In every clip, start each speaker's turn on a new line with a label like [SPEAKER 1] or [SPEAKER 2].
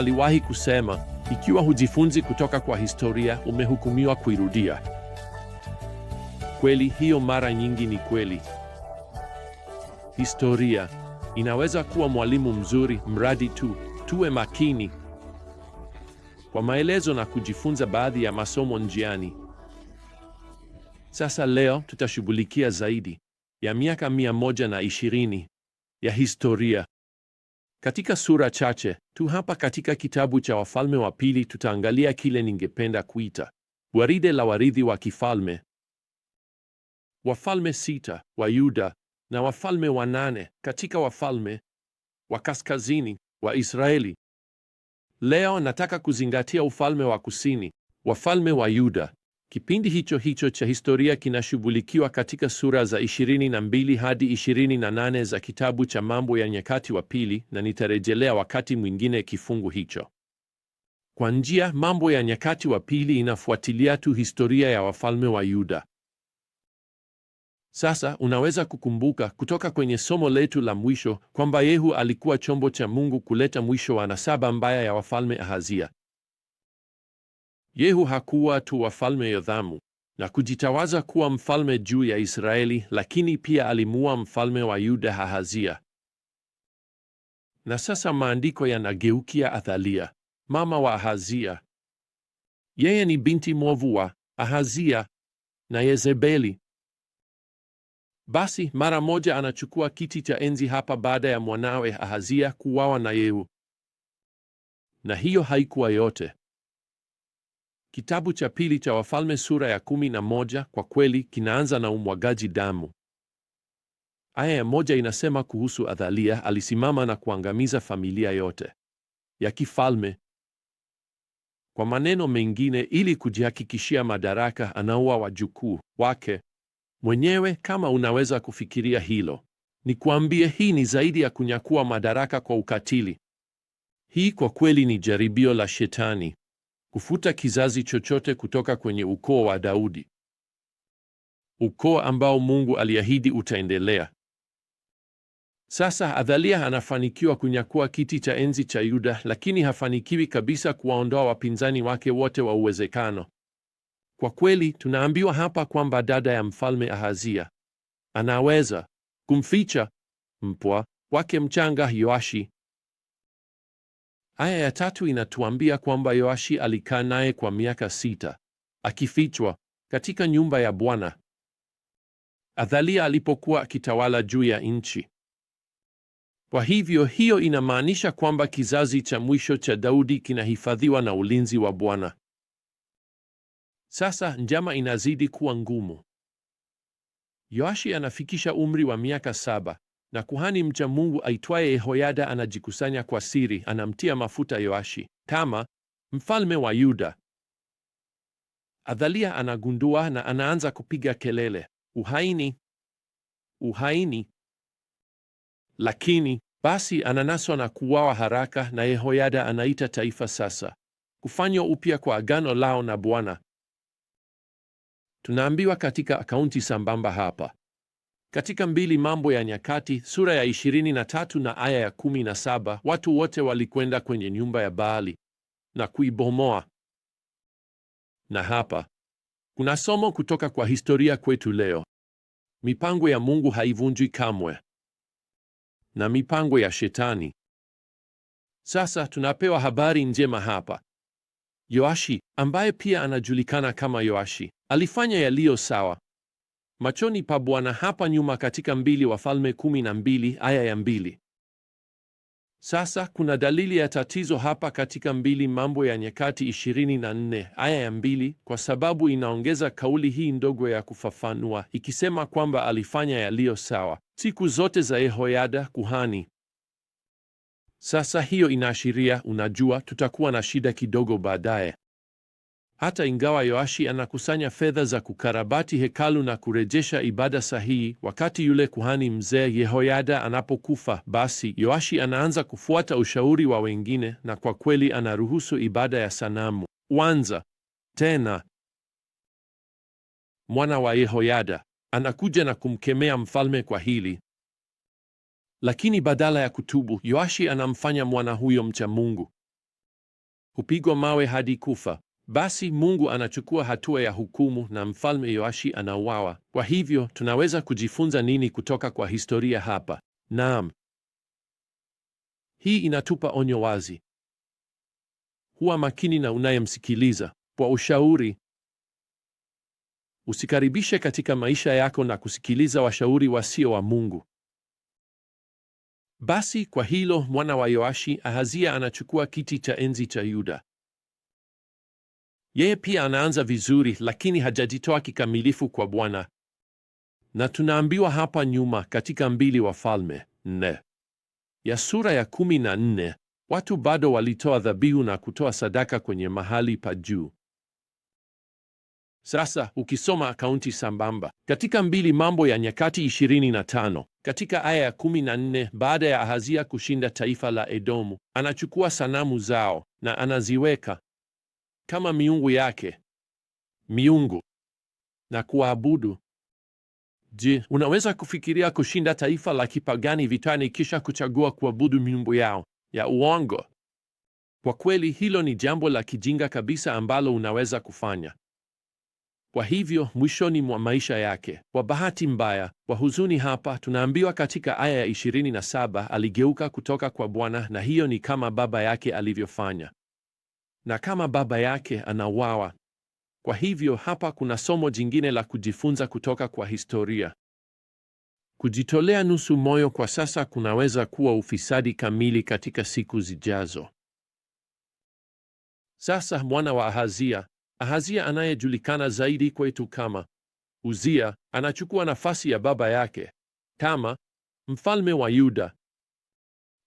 [SPEAKER 1] aliwahi kusema, ikiwa hujifunzi kutoka kwa historia, umehukumiwa kuirudia. Kweli hiyo mara nyingi ni kweli. Historia inaweza kuwa mwalimu mzuri, mradi tu tuwe makini. Kwa maelezo na kujifunza baadhi ya masomo njiani. Sasa leo tutashughulikia zaidi ya miaka mia moja na ishirini ya historia. Katika sura chache tu hapa katika kitabu cha Wafalme wa Pili tutaangalia kile ningependa kuita waride la warithi wa kifalme. Wafalme sita wa Yuda na wafalme wanane katika wafalme wa kaskazini wa Israeli. Leo nataka kuzingatia ufalme wa kusini, wafalme wa Yuda Kipindi hicho hicho cha historia kinashughulikiwa katika sura za 22 hadi 28 za kitabu cha Mambo ya Nyakati wa Pili, na nitarejelea wakati mwingine kifungu hicho. Kwa njia, Mambo ya Nyakati wa Pili inafuatilia tu historia ya wafalme wa Yuda. Sasa unaweza kukumbuka kutoka kwenye somo letu la mwisho kwamba Yehu alikuwa chombo cha Mungu kuleta mwisho wa nasaba mbaya ya wafalme Ahazia. Yehu hakuwa tu wafalme Yothamu na kujitawaza kuwa mfalme juu ya Israeli, lakini pia alimuua mfalme wa Yuda Ahazia. Na sasa maandiko yanageukia Athalia, mama wa Ahazia. Yeye ni binti mwovu wa Ahazia na Yezebeli. Basi mara moja anachukua kiti cha enzi hapa baada ya mwanawe Ahazia kuwawa na Yehu. Na hiyo haikuwa yote. Kitabu cha pili cha Wafalme sura ya kumi na moja kwa kweli kinaanza na umwagaji damu. Aya ya moja inasema kuhusu adhalia alisimama na kuangamiza familia yote ya kifalme. Kwa maneno mengine, ili kujihakikishia madaraka, anaua wajukuu wake mwenyewe. Kama unaweza kufikiria hilo, nikuambie hii ni zaidi ya kunyakua madaraka kwa ukatili. Hii kwa kweli ni jaribio la Shetani kufuta kizazi chochote kutoka kwenye ukoo wa Daudi, ukoo ambao Mungu aliahidi utaendelea. Sasa adhalia anafanikiwa kunyakua kiti cha enzi cha Yuda, lakini hafanikiwi kabisa kuwaondoa wapinzani wake wote wa uwezekano. Kwa kweli, tunaambiwa hapa kwamba dada ya mfalme Ahazia anaweza kumficha mpwa wake mchanga Yoashi Aya ya tatu inatuambia kwamba Yoashi alikaa naye kwa miaka sita akifichwa katika nyumba ya Bwana Athalia alipokuwa akitawala juu ya nchi. Kwa hivyo hiyo inamaanisha kwamba kizazi cha mwisho cha Daudi kinahifadhiwa na ulinzi wa Bwana. Sasa njama inazidi kuwa ngumu. Yoashi anafikisha umri wa miaka saba na kuhani mcha Mungu aitwaye Yehoyada anajikusanya kwa siri, anamtia mafuta Yoashi kama mfalme wa Yuda. Adhalia anagundua na anaanza kupiga kelele, uhaini, uhaini! Lakini basi ananaswa na kuuawa haraka, na Yehoyada anaita taifa sasa kufanywa upya kwa agano lao na Bwana. Tunaambiwa katika akaunti sambamba hapa katika mbili Mambo ya Nyakati sura ya 23 na aya ya 17, watu wote walikwenda kwenye nyumba ya Baali na kuibomoa. Na hapa kuna somo kutoka kwa historia kwetu leo. Mipango ya Mungu haivunjwi kamwe na mipango ya Shetani. Sasa tunapewa habari njema hapa. Yoashi ambaye pia anajulikana kama Yoashi alifanya yaliyo sawa machoni pa Bwana hapa nyuma katika mbili Wafalme kumi na mbili aya ya mbili. Sasa kuna dalili ya tatizo hapa katika mbili Mambo ya Nyakati 24 aya ya mbili, kwa sababu inaongeza kauli hii ndogo ya kufafanua ikisema kwamba alifanya yaliyo sawa siku zote za Yehoyada kuhani. Sasa hiyo inaashiria, unajua, tutakuwa na shida kidogo baadaye. Hata ingawa Yoashi anakusanya fedha za kukarabati hekalu na kurejesha ibada sahihi, wakati yule kuhani mzee Yehoyada anapokufa, basi Yoashi anaanza kufuata ushauri wa wengine, na kwa kweli anaruhusu ibada ya sanamu wanza tena. Mwana wa Yehoyada anakuja na kumkemea mfalme kwa hili, lakini badala ya kutubu, Yoashi anamfanya mwana huyo mcha Mungu hupigwa mawe hadi kufa. Basi Mungu anachukua hatua ya hukumu na mfalme Yoashi anauawa. Kwa hivyo tunaweza kujifunza nini kutoka kwa historia hapa? Naam, hii inatupa onyo wazi: huwa makini na unayemsikiliza kwa ushauri. Usikaribishe katika maisha yako na kusikiliza washauri wasio wa Mungu. Basi kwa hilo, mwana wa Yoashi Ahazia anachukua kiti cha enzi cha Yuda. Yeye pia anaanza vizuri, lakini hajajitoa kikamilifu kwa Bwana, na tunaambiwa hapa nyuma katika mbili Wafalme nne ya sura ya kumi na nne watu bado walitoa dhabihu na kutoa sadaka kwenye mahali pa juu. Sasa ukisoma akaunti sambamba katika mbili Mambo ya Nyakati 25 katika aya ya 14, baada ya Ahazia kushinda taifa la Edomu, anachukua sanamu zao na anaziweka kama miungu yake miungu na kuabudu. Je, unaweza kufikiria kushinda taifa la kipagani vitani kisha kuchagua kuabudu miungu yao ya uongo? Kwa kweli hilo ni jambo la kijinga kabisa ambalo unaweza kufanya. Kwa hivyo mwishoni mwa maisha yake, kwa bahati mbaya, kwa huzuni, hapa tunaambiwa katika aya ya 27 aligeuka kutoka kwa Bwana, na hiyo ni kama baba yake alivyofanya na kama baba yake anawawa. Kwa hivyo hapa kuna somo jingine la kujifunza kutoka kwa historia. Kujitolea nusu moyo kwa sasa kunaweza kuwa ufisadi kamili katika siku zijazo. Sasa mwana wa Ahazia, Ahazia anayejulikana zaidi kwetu kama Uzia, anachukua nafasi ya baba yake kama mfalme wa Yuda.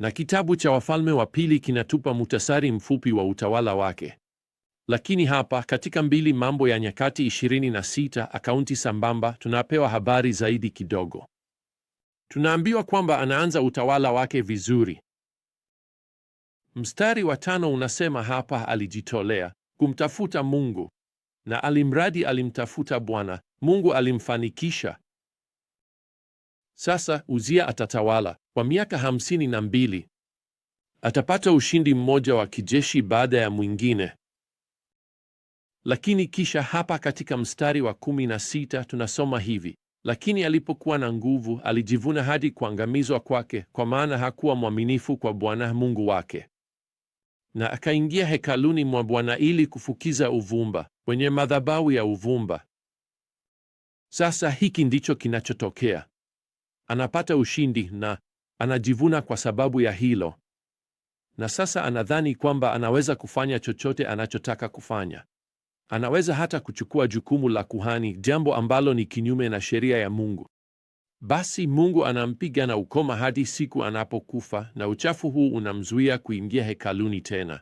[SPEAKER 1] Na kitabu cha Wafalme wa Pili kinatupa mutasari mfupi wa utawala wake. Lakini hapa katika mbili Mambo ya Nyakati 26 akaunti sambamba, tunapewa habari zaidi kidogo. Tunaambiwa kwamba anaanza utawala wake vizuri. Mstari wa tano unasema hapa, alijitolea kumtafuta Mungu na alimradi alimtafuta Bwana, Mungu alimfanikisha. Sasa Uzia atatawala kwa miaka hamsini na mbili. Atapata ushindi mmoja wa kijeshi baada ya mwingine. Lakini kisha hapa katika mstari wa kumi na sita tunasoma hivi: lakini alipokuwa na nguvu alijivuna hadi kuangamizwa kwake, kwa maana hakuwa mwaminifu kwa Bwana Mungu wake, na akaingia hekaluni mwa Bwana ili kufukiza uvumba kwenye madhabahu ya uvumba. Sasa hiki ndicho kinachotokea anapata ushindi na anajivuna kwa sababu ya hilo, na sasa anadhani kwamba anaweza kufanya chochote anachotaka kufanya. Anaweza hata kuchukua jukumu la kuhani, jambo ambalo ni kinyume na sheria ya Mungu. Basi Mungu anampiga na ukoma hadi siku anapokufa, na uchafu huu unamzuia kuingia hekaluni tena.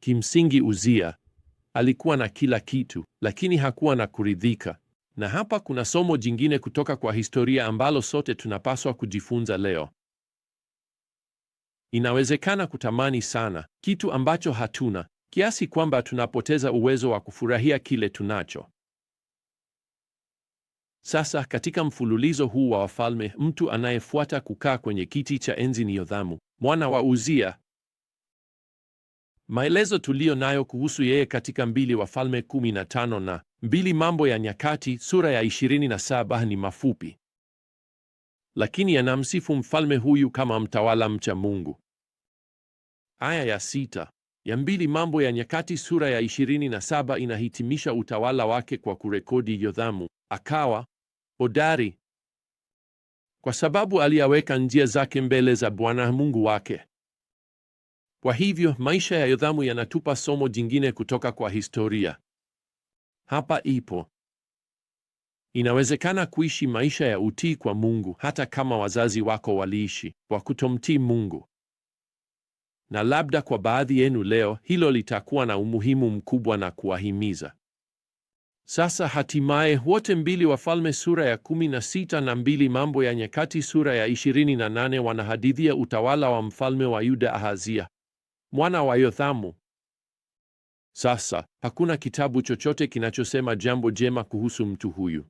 [SPEAKER 1] Kimsingi, Uzia alikuwa na kila kitu, lakini hakuwa na kuridhika. Na hapa kuna somo jingine kutoka kwa historia ambalo sote tunapaswa kujifunza leo. Inawezekana kutamani sana kitu ambacho hatuna kiasi kwamba tunapoteza uwezo wa kufurahia kile tunacho. Sasa katika mfululizo huu wa Wafalme, mtu anayefuata kukaa kwenye kiti cha enzi ni Yothamu mwana wa Uzia, Maelezo tuliyo nayo kuhusu yeye katika mbili Wafalme 15 na mbili Mambo ya Nyakati sura ya 27 ni mafupi, lakini yanamsifu mfalme huyu kama mtawala mcha Mungu. Aya ya sita ya mbili Mambo ya Nyakati sura ya 27 inahitimisha utawala wake kwa kurekodi yodhamu akawa hodari kwa sababu aliyaweka njia zake mbele za Bwana Mungu wake. Kwa hivyo maisha ya Yothamu yanatupa somo jingine kutoka kwa historia. Hapa ipo. Inawezekana kuishi maisha ya utii kwa Mungu hata kama wazazi wako waliishi kwa kutomtii Mungu. Na labda kwa baadhi yenu leo hilo litakuwa na umuhimu mkubwa na kuwahimiza. Sasa hatimaye wote mbili Wafalme sura ya 16 na mbili Mambo ya Nyakati sura ya 28 wanahadithia utawala wa mfalme wa Yuda Ahazia mwana wa Yothamu. Sasa hakuna kitabu chochote kinachosema jambo jema kuhusu mtu huyu.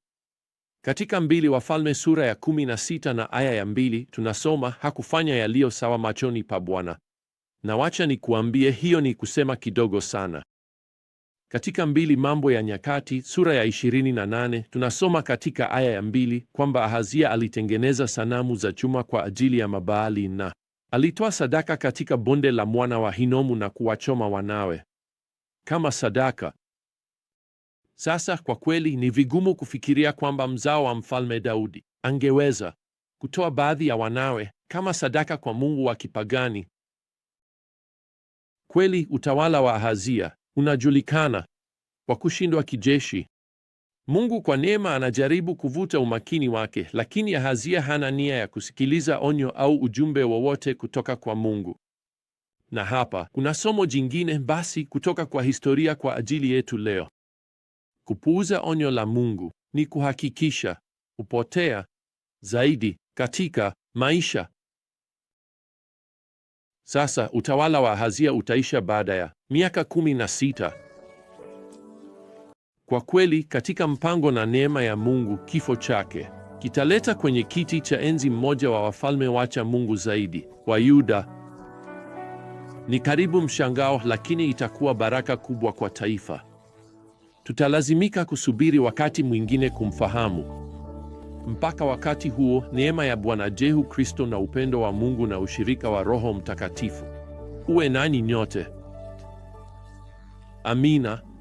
[SPEAKER 1] Katika mbili Wafalme sura ya 16 na aya ya mbili tunasoma hakufanya yaliyo sawa machoni pa Bwana. Na wacha nikuambie, hiyo ni kusema kidogo sana. Katika mbili Mambo ya Nyakati sura ya 28 tunasoma katika aya ya mbili kwamba Ahazia alitengeneza sanamu za chuma kwa ajili ya Mabaali na Alitoa sadaka katika bonde la mwana wa Hinomu na kuwachoma wanawe kama sadaka. Sasa kwa kweli ni vigumu kufikiria kwamba mzao wa mfalme Daudi angeweza kutoa baadhi ya wanawe kama sadaka kwa mungu wa kipagani. Kweli utawala wa Ahazia unajulikana kwa kushindwa kijeshi. Mungu kwa neema anajaribu kuvuta umakini wake, lakini Ahazia hana nia ya kusikiliza onyo au ujumbe wowote kutoka kwa Mungu. Na hapa kuna somo jingine basi kutoka kwa historia kwa ajili yetu leo. Kupuuza onyo la Mungu ni kuhakikisha upotea zaidi katika maisha. Sasa utawala wa Ahazia utaisha baada ya miaka kumi na sita. Kwa kweli, katika mpango na neema ya Mungu, kifo chake kitaleta kwenye kiti cha enzi mmoja wa wafalme wacha Mungu zaidi kwa Yuda. Ni karibu mshangao, lakini itakuwa baraka kubwa kwa taifa. Tutalazimika kusubiri wakati mwingine kumfahamu. Mpaka wakati huo, neema ya Bwana Yesu Kristo na upendo wa Mungu na ushirika wa Roho Mtakatifu uwe nani nyote. Amina.